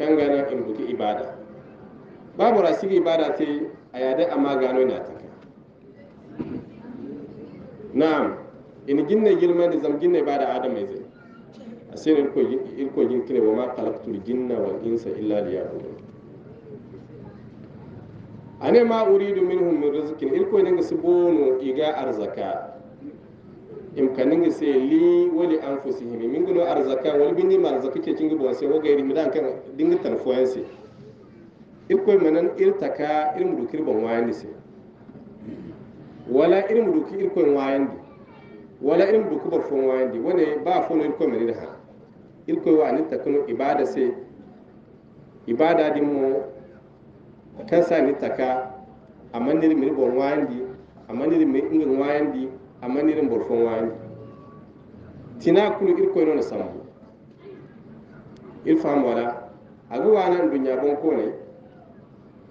kangana in buki ibada babu rasigi ibada te a yadai amma gano na ta na'am in ginne gilma da zam ginne ibada adam mai zai a sai ilko yin kire wa ma khalaqtul jinna wal insa illa a ne ma uridu minhum min rizqin irko ne ga bonu iga arzaka imkanin se li wali anfusihim min gulo arzaka wani bini ma arzaka ke cingi bon se wogairi da kan dinga tarfoyan se irkoy manan irtaka irin dukir bon wayandi se wala irmu duki wayan di, wala irin duki bor fon di wani ba fon irkoy mani da ha irkoy wa ni takunu ibada se ibada din mo kan sa ni taka amma ni mi wayan wayandi amma ni mi ingin di. amma ni ɗum bor kulu wawi tina kulu samu noon sambu il fam wala aga wanan duña bonkone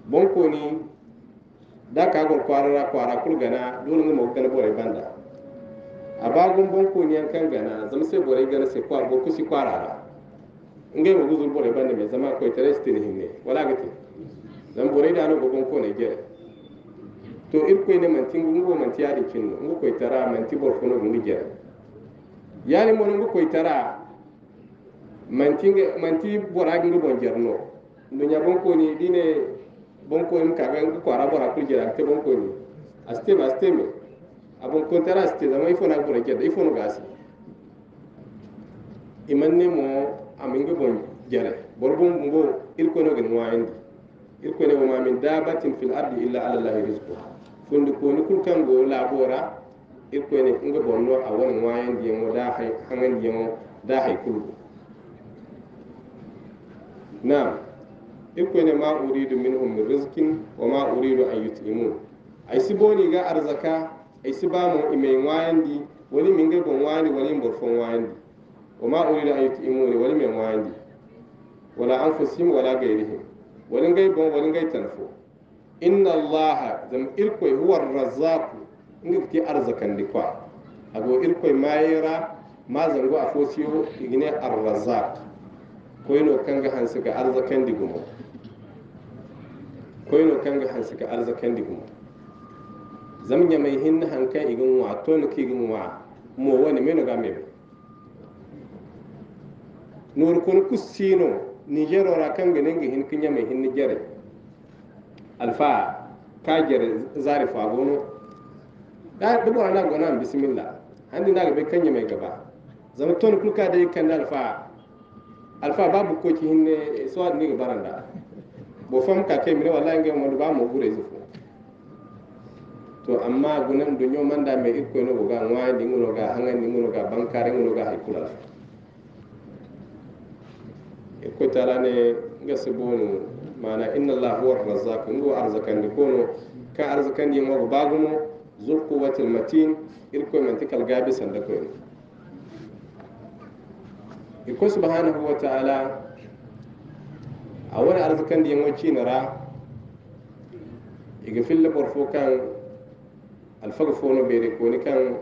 bonkoni da kagol kwarara kwara kul gana dole ngo gana bore banda abagon bonko ne kan gana zama sai bore gana sai kwar bo kusi kwarara ngai mo guzul bore banda me zama koy tare stini hinne wala gati zan bore da no ne jere. to ko ne man man ngo manti yadi kinno ngo koy tara manti bor kono ngi jere yani mon ngo koy man ti manti bora ngi bon jere no ndu nya bon ko ni dine bon ko en ka ga ngi ko ara bora kul jara te bon ko ni aste ba aste me abon ko tara aste da mai fona bora jara ifo no gasi ne mo amingo bon jere bor bon il ko no gen wa indi ko ne wa min dabatin fil ardi illa ala allahi rizquha fundi koni kuntan go labora ikweni nga bonno a wani wayan diyamo da hay hangan diyamo da hay kulgo na ikweni ma uridu minhum min rizqin wa ma uridu an yut'imun ai si boni ga arzaka ai si mu imai wayan di wani min ga bon wani wani fon wayan di wa ma uridu an yut'imun wani min wayan di wala anfusihim wala ghayrihim wani ngai bon wani ngai tanfo inna allaha zam irkoy huwa arrazzaqu ngikti arzakan dikwa ago irkoy mayira ma zango a a igine arrazzaq koyno kanga hansiga arzakandi gumo koyno kanga hansiga arzakandi gumo zam mai hinna hankan igin wa ton ki igin wa mo wani meno ga mebe nur kun kusino nigero ra kanga nengi hin mai hinna jare alfa kajer zari fagono da dubo ana gona bismillah handi na gabe kanye mai gaba zama ton kulka dai kan alfa alfa babu ko ki hinne eh, so ni ga baranda bo fam ka kai mire wallahi ngai mo ba mo gure zufu to amma gunan dunyo manda mai iko no ga ngwa ni ngono ga hanga ni ngono ga bankare ngono ga haikula ko tarane ga sibonu mana inna allah huwa razzaq ndu arzakandi kono ka arzakandi mo bagumo zul quwwatil matin irko men tikal gabi sanda ko irko subhanahu wa ta'ala awon arzakandi mo cinara iga fil borfo kan alfaga fono be kan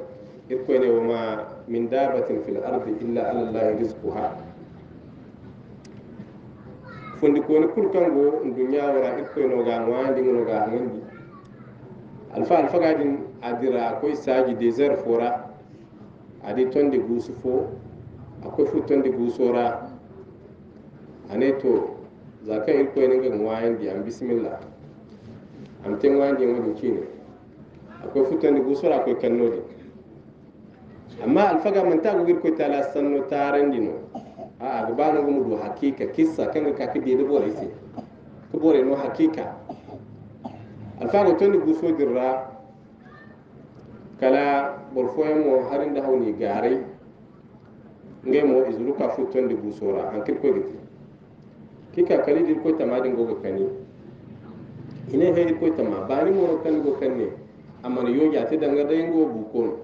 irko ne ma min dabatin fil ardi illa ala allah rizquha fondi ko ne kurtango ndu ñawara ikkoy noga wandi ga ngendi alfa alfa din adira koy saji desert fora adi tonde gusu fo akoy fu tonde gusora ane to zaka ikkoy ne ga wandi am bismillah am ten wandi ngodin kine akoy fu tonde gusora akoy kannodi amma alfaga man tago gir koy tala sanno no a ribana gumu do hakika kissa kan ka ka de bore se ko bore no hakika alfa go bu so dirra kala bor foya mo harin da hauni gare ngai mo izuru ka fu so ra, an kir ko gidi kika kali dir ko tamadin go kani ine hay ko tama bani mo kan go kanne amma yo ya te danga yango bu ko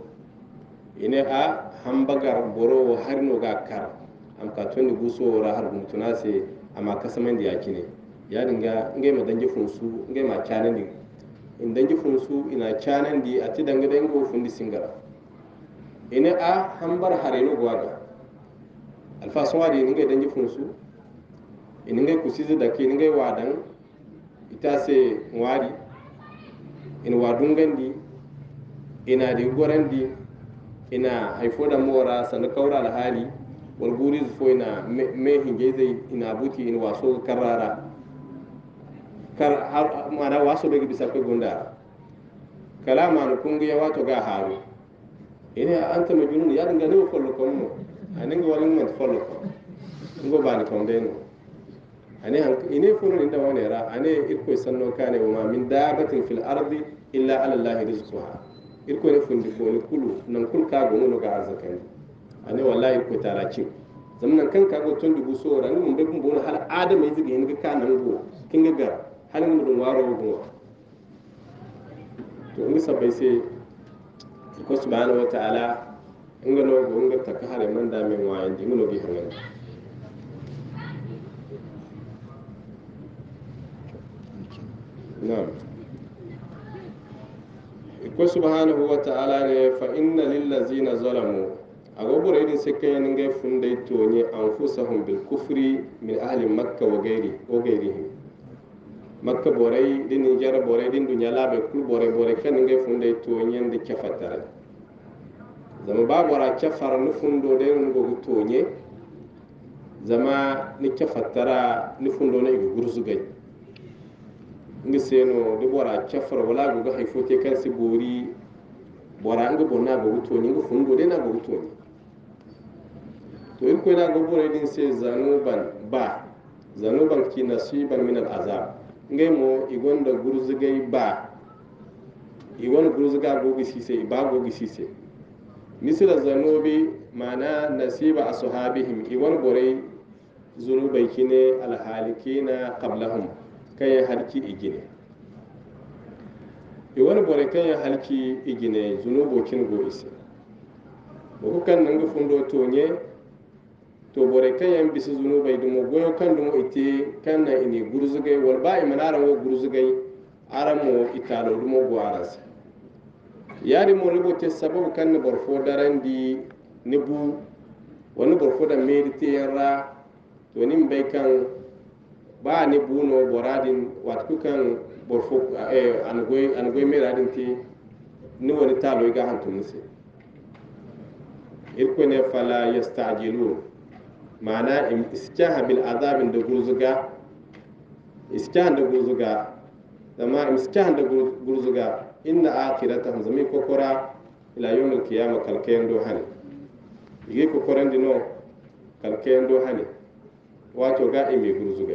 ine a hambagar boro harino ga kar am ka tondi gusowora har ɗum tuna se ama kasamandi yakine yadinga ngai ma danji funsu ngai ma canandi in danji funsu ina canandi ati danga da ingo fundi singara ina a hambar no gwada alfa sawadi ni ngai danji funsu ina ngai kusiza da ke ni ngai wadan ita se ngwari ina wadun gandi ina di gorandi ina haifo da mora sanu kaura alhali hali wal guriz fo ina me hingeze ina buti ina waso karara kar har mana waso be bisa ko gonda kalama no kungi ya wato ga haru ina anta majnun ya dinga ne ko lokon mu anin ga walin man follow ko ngo ba ni konde no ane ine furo inda wani ra ane irko sanno kane wa min dabatin fil ardi illa ala allahi rizquha irko ne fundi ko ni kulu nan kul ka go no ga azakai ani wallahi ko ce zamanan kan ka go ton dubu so ran mun bai bumbo har adam yi ziga yin ka nan go kin ga ga har mun dun waro go to mun sabai sai ko subhanahu wa ta'ala ga no go ga taka hare man da min wayan ji mun bi hanan na'am ko subhanahu wa ta'ala ne fa inna lil ladzina zalamu agogoro irin sekkeyen ngay funday toñe anfusahum bil kufri min ahli makka wa gayri o gayrihim makka boray ɗin nijara boray ɗin duña laaɓe kul borai borai kan ngay funday toñende cafatara zama ba bora cafara ni fundo de ni to toñe zama ni cafatara ni fundo na igu gursugay ngi seno di bora cafara wala gogu hay fote kan si bori bora ngi bonna gogu toñe ngi fundo de na gogu toñe to irko yana gobore din sai zanuban ba zanuban ki nasiban min al azab ngai mo da gurzugai ba igon gurzuga gogi sise ba gogi sise misira zanubi mana nasiba ashabihim igon borai zunubai kine alhalikina qablahum kai harki igine igon kan kai halki igine zunubokin go ise bukukan kan gufin fundo tonye to bore kan yan bisa zunubai dumo goyo kan dumo ite kan na ine gurzugai wal ba imanara wo gurzugai aramo italo dumo go aras yari mo ribo te sababu kan ni borfo darandi ni bu wani borfo da medite yanra to nin bai kan ba ni bu no boradin watku kan borfo eh angoy mai radin te ni wani talo ga hantu musu irko ne fala yastajilun ma'ana istiha bil azabin da gurzuga istihan da gurzuga zama istihan da gurzuga inna akhiratahum zami kokora ila yawmil qiyamah kalkayen do hani yigi kokoren dino kalkayen do wato ga imi gurzuga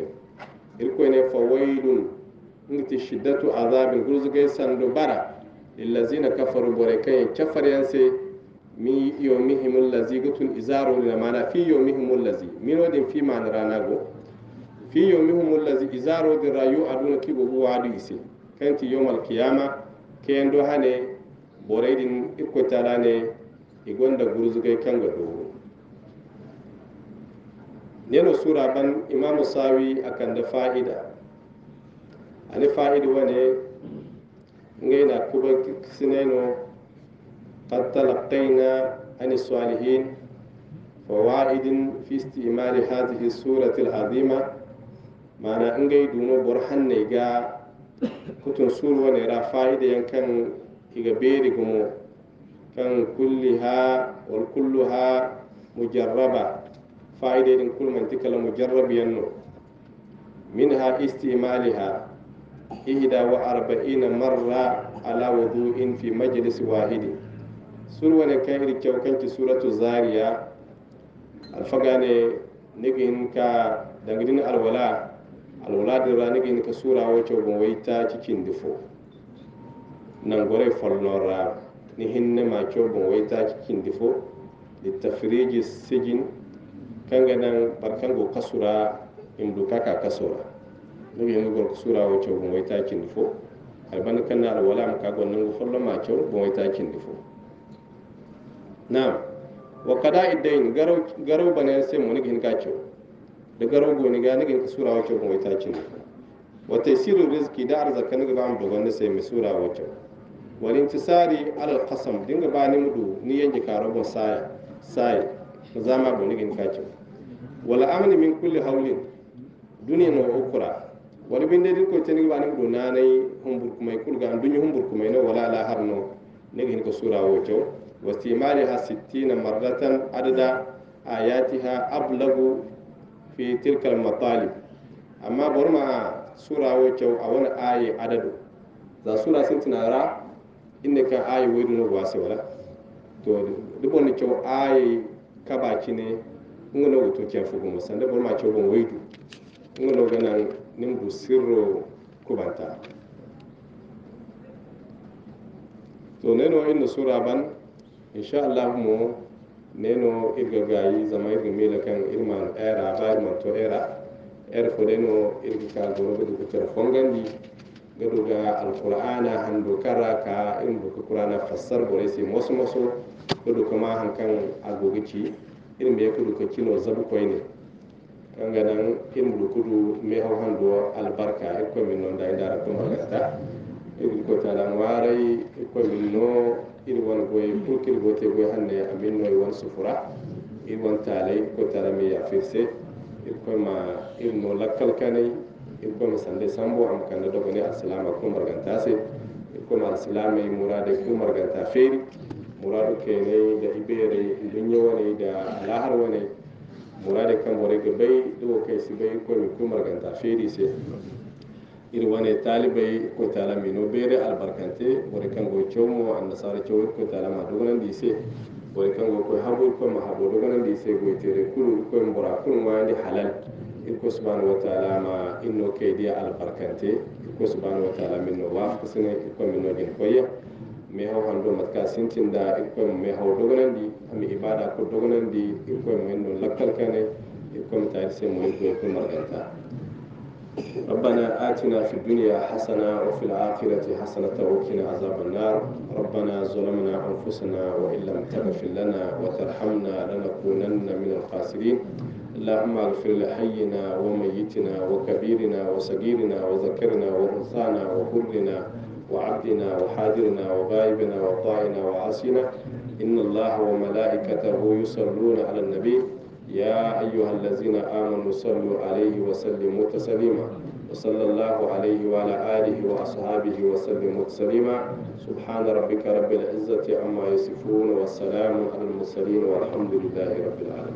ilko ne fawailun ngati shiddatu azabin gurzuga sandu bara lillazina kafaru bore kai kafar yanse min yawmihim allazi gutun izaru lil mana fi yawmihim allazi min wadin fi man rana go fi yawmihim allazi izaru di rayu aduna kibo huwa adu ise kanti yawmal qiyama kendo hane boraydin ikko talane igonda guruzugay kanga do neno sura ban imam sawi akan da fa'ida ani fa'idi wane ngai na kuba sineno قد تلقينا عن الصالحين فوائد في استعمال هذه السورة العظيمة ما أنجي دونو برهن نيجا كتن سور ونرى فائدة كان إغبيري كان كلها والكلها مجربة فائدة كل من تكلم مجرب ينو منها استعمالها إهدا وأربعين مرة على وضوء في مجلس واحد ne kan iri kyau kanki suratu zaria alfaga ne nigin ka dangidin alwala alwala da ra nigin ka sura wace gon ta cikin difo nan gore fallora ni hinne ma kyau gon ta cikin difo litafriji sijin kanga nan go kasura duka ka kasura nigin gor sura wace gon ta cikin difo alban kan alwala ma ka gon nan ma kyau gon ta cikin difo na wa qada iddain garau garo banan sai mun gin ce da garau goni ga nigin sura wace kuma ita ce wa taysiru rizqi da arzaka nigin ba mu dogon sai mu sura wace wani intisari tsari alal qasam dinga ba ni mudu ni yanke karabo sai sai zama bo nigin ka ce wala amini min kulli hawlin duniya na ukura wani bin de ko nigin ba nim do na humbur kumay kulga ga duñu humbur kumay no wala la harno ne gen sura wo واستعمالها ستين مرة عدد آياتها أبلغ في تلك المطالب أما برمع سورة وجو أول آية عدد ذا سورة سنتنا را إنك آية ويدن واسي ولا دبون dubon آية cewa ayi kabaci ne ngona wuto kya fugo musan da burma cewa bon waidu ngona gana nimbu sirro kubanta to neno inna sura ban insha allah mo neno irga gayi zama irga mila kan irman era ba irman to era er ko deno irga ka goro ga duka tar fongandi ga alqur'ana hando kara ka in duka qur'ana fassar gore sai moso moso ga duka ma kan agogici irin me kudu ka kino zabu koy ne kan ga nan irin du kudu me haw hando albarka e ko min non da indara to magata e ko talan warai e ko min no ir wan goy pour kir gote goy hande amin noy wan sufura ir wan talay ko tarami ya firse ir ma ir no lakkal kanay ma sande sambo am kanda dogone assalama ko margantase ir ma assalama murade ko marganta feri muradu kenay da ibere dunya wanay da lahar wanay murade kan bore ga bay do kay si bay ko mi marganta feri se iri wane talibai ko tala mino bere albarkante bore kango chomo annasara chowo ko tala ma dogonan dise bore kango ko habu ko ma habu dogonan dise go tere kulu ko mbora kulu wandi halal irko subhanahu wa ta'ala ma inno ke dia albarkante irko subhanahu wa ta'ala minno wa kusine irko minno gen koya me haw hando matka sintinda irko me haw dogonan di ami ibada ko dogonan di irko minno lakkal kane irko mi taari se mo irko irko marganta ربنا آتنا في الدنيا حسنة وفي الآخرة حسنة وقنا عذاب النار ربنا ظلمنا أنفسنا وإن لم تغفر لنا وترحمنا لنكونن من الخاسرين اللهم اغفر لحينا وميتنا وكبيرنا وصغيرنا وذكرنا وانثانا وكلنا وعبدنا وحاضرنا وغائبنا وطائنا وعاصينا إن الله وملائكته يصلون على النبي يا أيها الذين آمنوا صلوا عليه وسلموا تسليما وصلى الله عليه وعلى آله وأصحابه وسلم تسليما سبحان ربك رب العزة عما يصفون والسلام على المرسلين والحمد لله رب العالمين